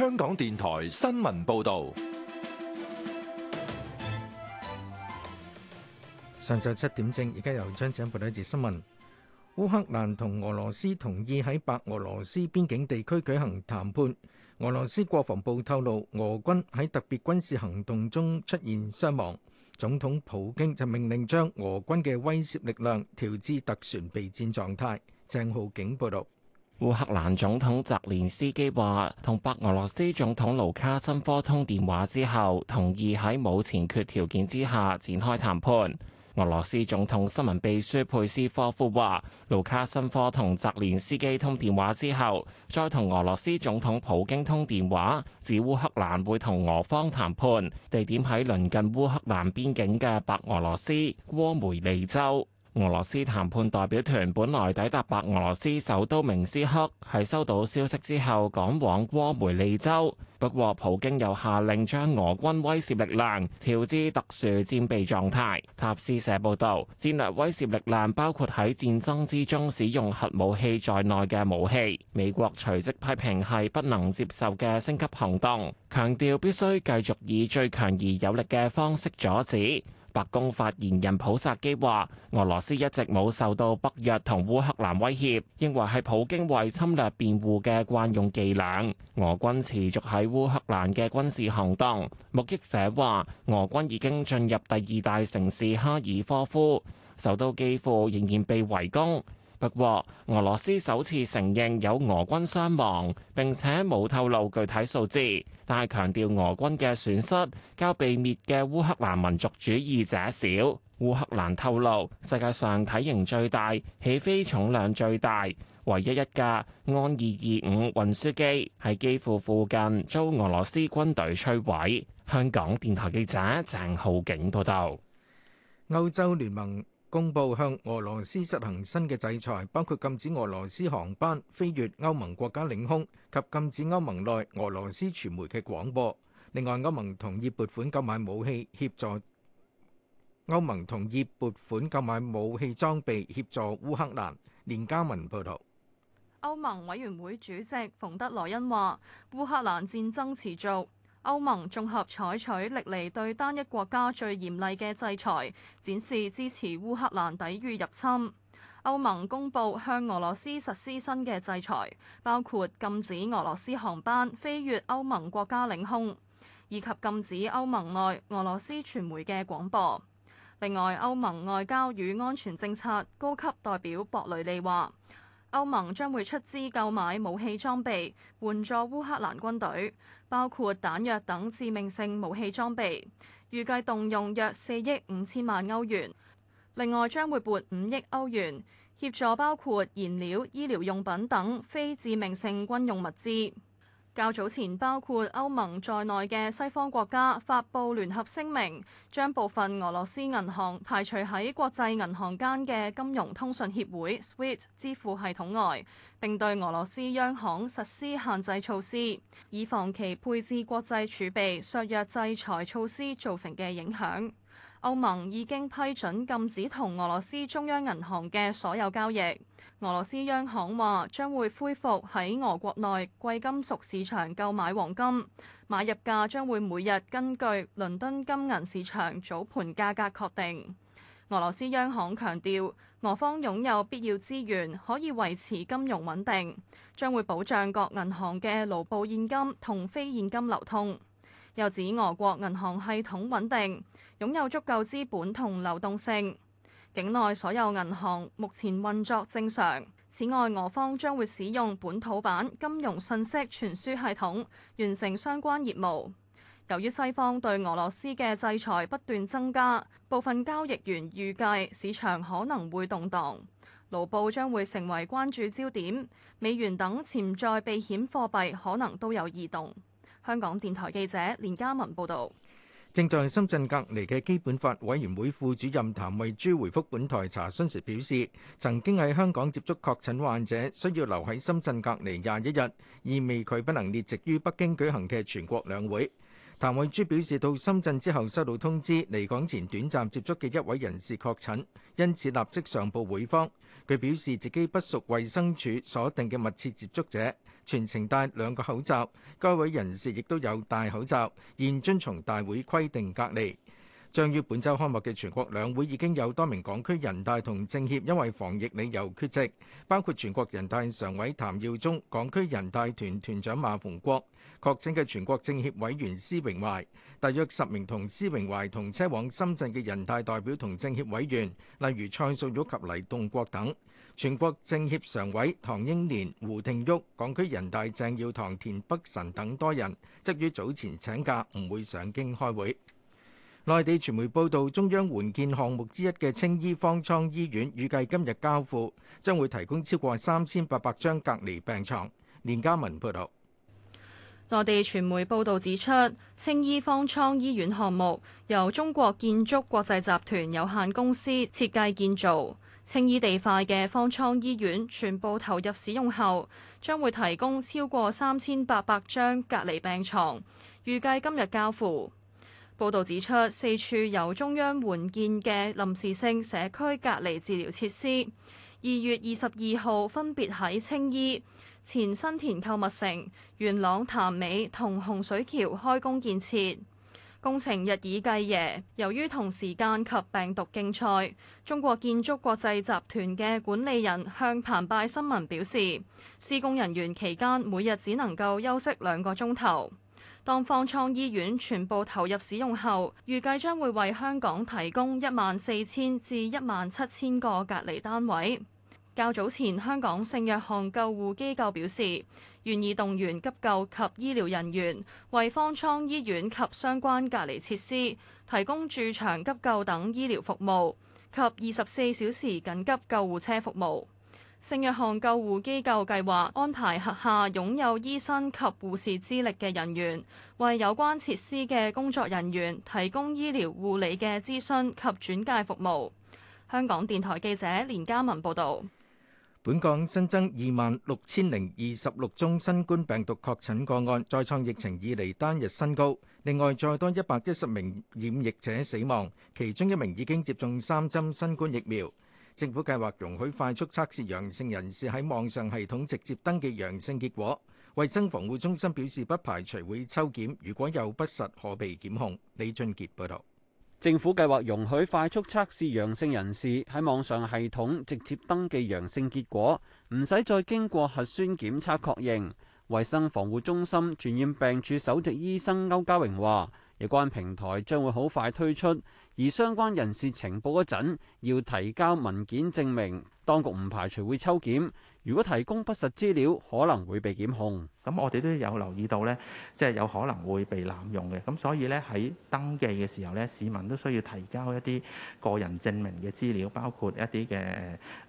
香港電台新聞報道，上晝七點正，而家由張子鋒報道一節新聞。烏克蘭同俄羅斯同意喺白俄羅斯邊境地區舉行談判。俄羅斯國防部透露，俄軍喺特別軍事行動中出現傷亡。總統普京就命令將俄軍嘅威懾力量調至特殊備戰狀態。鄭浩景報道。烏克蘭總統澤連斯基話，同白俄羅斯總統盧卡申科通電話之後，同意喺冇先決條件之下展開談判。俄羅斯總統新聞秘書佩斯科夫話，盧卡申科同澤連斯基通電話之後，再同俄羅斯總統普京通電話，指烏克蘭會同俄方談判，地點喺鄰近烏克蘭邊境嘅白俄羅斯戈梅利州。俄羅斯談判代表團本來抵達白俄羅斯首都明斯克，係收到消息之後趕往戈梅利州。不過普京又下令將俄軍威懾力量調至特殊戰備狀態。塔斯社報導，戰略威懾力量包括喺戰爭之中使用核武器在內嘅武器。美國隨即批評係不能接受嘅升級行動，強調必須繼續以最強而有力嘅方式阻止。白宮發言人普薩基話：俄羅斯一直冇受到北約同烏克蘭威脅，認為係普京為侵略辯護嘅慣用伎倆。俄軍持續喺烏克蘭嘅軍事行動，目擊者話俄軍已經進入第二大城市哈爾科夫，首都基輔仍然被圍攻。不過，俄羅斯首次承認有俄軍傷亡，並且冇透露具體數字，但係強調俄軍嘅損失較被滅嘅烏克蘭民族主義者少。烏克蘭透露，世界上體型最大、起飛重量最大、唯一一架安二二五運輸機，喺機庫附近遭俄羅斯軍隊摧毀。香港電台記者鄭浩景報道。歐洲聯盟公布向俄羅斯實行新嘅制裁，包括禁止俄羅斯航班飛越歐盟國家領空及禁止歐盟內俄羅斯傳媒嘅廣播。另外，歐盟同意撥款購買武器協助。歐盟同意撥款購買武器裝備協助烏克蘭。連嘉文報導。歐盟委員會主席馮德萊恩話，烏克蘭戰爭持續。歐盟綜合採取歷嚟對單一國家最嚴厲嘅制裁，展示支持烏克蘭抵禦入侵。歐盟公布向俄羅斯實施新嘅制裁，包括禁止俄羅斯航班飛越歐盟國家領空，以及禁止歐盟內俄羅斯傳媒嘅廣播。另外，歐盟外交與安全政策高級代表博雷利話。歐盟將會出資購買武器裝備，援助烏克蘭軍隊，包括彈藥等致命性武器裝備，預計動用約四億五千萬歐元。另外將會撥五億歐元，協助包括燃料、醫療用品等非致命性軍用物資。較早前，包括歐盟在內嘅西方國家發布聯合聲明，將部分俄羅斯銀行排除喺國際銀行間嘅金融通訊協會 SWIFT 支付系統外，並對俄羅斯央行實施限制措施，以防其配置國際儲備削弱制裁措施造成嘅影響。歐盟已經批准禁止同俄羅斯中央銀行嘅所有交易。俄羅斯央行話將會恢復喺俄國內貴金屬市場購買黃金，買入價將會每日根據倫敦金銀市場早盤價格確定。俄羅斯央行強調，俄方擁有必要資源可以維持金融穩定，將會保障各銀行嘅盧布現金同非現金流通。又指俄國銀行系統穩定，擁有足夠資本同流動性。境內所有銀行目前運作正常。此外，俄方將會使用本土版金融信息傳輸系統完成相關業務。由於西方對俄羅斯嘅制裁不斷增加，部分交易員預計市場可能會動盪，盧布將會成為關注焦點，美元等潛在避險貨幣可能都有異動。香港電台記者連嘉文報導。正在深圳隔離嘅基本法委員會副主任譚慧珠回覆本台查詢時表示，曾經喺香港接觸確診患者，需要留喺深圳隔離廿一日，意味佢不能列席於北京舉行嘅全國兩會。譚慧珠表示，到深圳之後收到通知，離港前短暫接觸嘅一位人士確診，因此立即上報會方。佢表示自己不屬衛生署鎖定嘅密切接觸者。全程戴兩個口罩，該位人士亦都有戴口罩，現遵從大會規定隔離。將於本週開幕嘅全國兩會已經有多名港區人大同政協因為防疫理由缺席，包括全國人大常委譚耀宗、港區人大團團，團長馬逢國、確診嘅全國政協委員施榮懷，大約十名同施榮懷同車往深圳嘅人大代表同政協委員，例如蔡素玉及黎棟國等。全國政協常委唐英年、胡定旭、港區人大鄭耀棠、田北辰等多人則於早前請假，唔會上京開會。內地傳媒報道，中央援建項目之一嘅青衣方艙醫院預計今日交付，將會提供超過三千八百張隔離病床。連家文報導，內地傳媒報道指出，青衣方艙醫院項目由中國建築國際集團有限公司設計建造。青衣地塊嘅方艙醫院全部投入使用後，將會提供超過三千八百張隔離病床。預計今日交付。報導指出，四處由中央援建嘅臨時性社區隔離治療設施，二月二十二號分別喺青衣、前新田購物城、元朗潭尾同洪水橋開工建設。工程日以繼夜，由於同時間及病毒競賽，中國建築國際集團嘅管理人向澎湃新聞表示，施工人員期間每日只能夠休息兩個鐘頭。當方艙醫院全部投入使用後，預計將會為香港提供一萬四千至一萬七千個隔離單位。較早前，香港聖約翰救護機構表示，願意動員急救及醫療人員，為方艙醫院及相關隔離設施提供駐場急救等醫療服務及二十四小時緊急救護車服務。聖約翰救護機構計劃安排轄下擁有醫生及護士資歷嘅人員，為有關設施嘅工作人員提供醫療護理嘅諮詢及轉介服務。香港電台記者連嘉文報道。本港新增二萬六千零二十六宗新冠病毒確診個案，再創疫情以嚟單日新高。另外，再多一百一十名染疫者死亡，其中一名已經接種三針新冠疫苗。政府計劃容許快速測試陽性人士喺網上系統直接登記陽性結果。衛生防護中心表示，不排除會抽檢，如果有不實，可被檢控。李俊杰報道。政府計劃容許快速測試陽性人士喺網上系統直接登記陽性結果，唔使再經過核酸檢測確認。衞生防護中心傳染病處首席醫生歐家榮話：有關平台將會好快推出，而相關人士呈報嗰陣要提交文件證明，當局唔排除會抽檢。如果提供不實資料，可能會被檢控。咁我哋都有留意到呢，即係有可能會被濫用嘅。咁所以呢，喺登記嘅時候呢，市民都需要提交一啲個人證明嘅資料，包括一啲嘅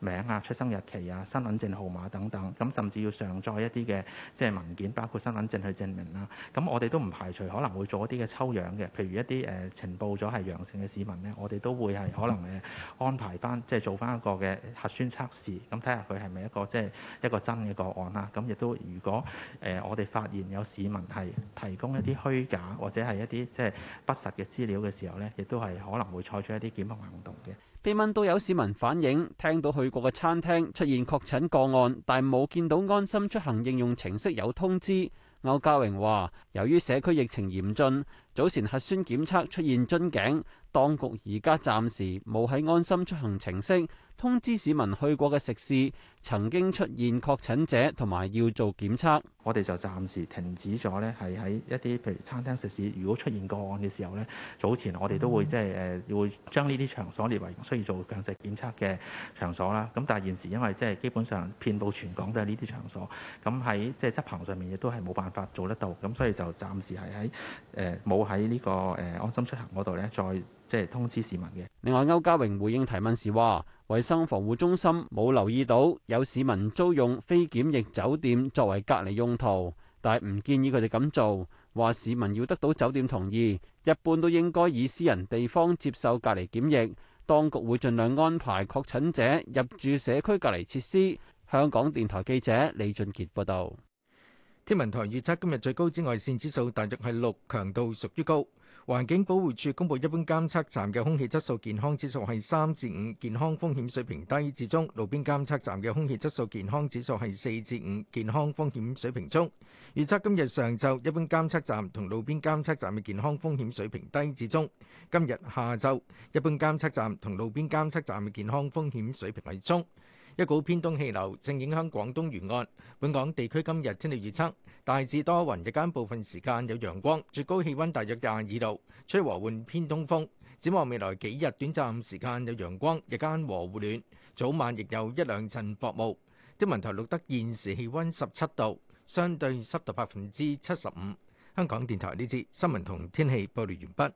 名啊、出生日期啊、身份證號碼等等。咁甚至要上載一啲嘅即係文件，包括身份證去證明啦。咁我哋都唔排除可能會做一啲嘅抽樣嘅，譬如一啲誒呈報咗係陽性嘅市民呢，我哋都會係可能誒安排翻即係做翻一個嘅核酸測試，咁睇下佢係咪一個即一個真嘅個案啦，咁亦都如果誒、呃、我哋發現有市民係提供一啲虛假或者係一啲即係不實嘅資料嘅時候呢，亦都係可能會採取一啲檢控行動嘅。被問到有市民反映聽到去過嘅餐廳出現確診個案，但冇見到安心出行應用程式有通知，歐家榮話：由於社區疫情嚴峻，早前核酸檢測出現樽頸，當局而家暫時冇喺安心出行程式通知市民去過嘅食肆曾經出現確診者，同埋要做檢測。我哋就暫時停止咗呢係喺一啲譬如餐廳食肆，如果出現個案嘅時候呢，早前我哋都會即係誒會將呢啲場所列為需要做強制檢測嘅場所啦。咁但係現時因為即係基本上遍佈全港都係呢啲場所，咁喺即係執行上面亦都係冇辦法做得到，咁所以就暫時係喺誒冇喺呢個誒安心出行嗰度呢，再即係通知市民嘅。另外，歐家榮回應提問時話。衛生防護中心冇留意到有市民租用非檢疫酒店作為隔離用途，但係唔建議佢哋咁做。話市民要得到酒店同意，一般都應該以私人地方接受隔離檢疫。當局會盡量安排確診者入住社區隔離設施。香港電台記者李俊杰報道。天文台預測今日最高紫外線指數大約係六，強度屬於高。環境保護署公布一般監測站嘅空氣質素健康指數係三至五，健康風險水平低至中；路邊監測站嘅空氣質素健康指數係四至五，健康風險水平中。預測今日上晝一般監測站同路邊監測站嘅健康風險水平低至中；今日下晝一般監測站同路邊監測站嘅健康風險水平係中。一股偏東氣流正影響廣東沿岸，本港地區今日天氣預測大致多雲，日間部分時間有陽光，最高氣温大約廿二度，吹和緩偏東風。展望未來幾日，短暫時間有陽光，日間和暖，早晚亦有一兩層薄霧。天文台錄得現時氣温十七度，相對濕度百分之七十五。香港電台呢節新聞同天氣報道完畢。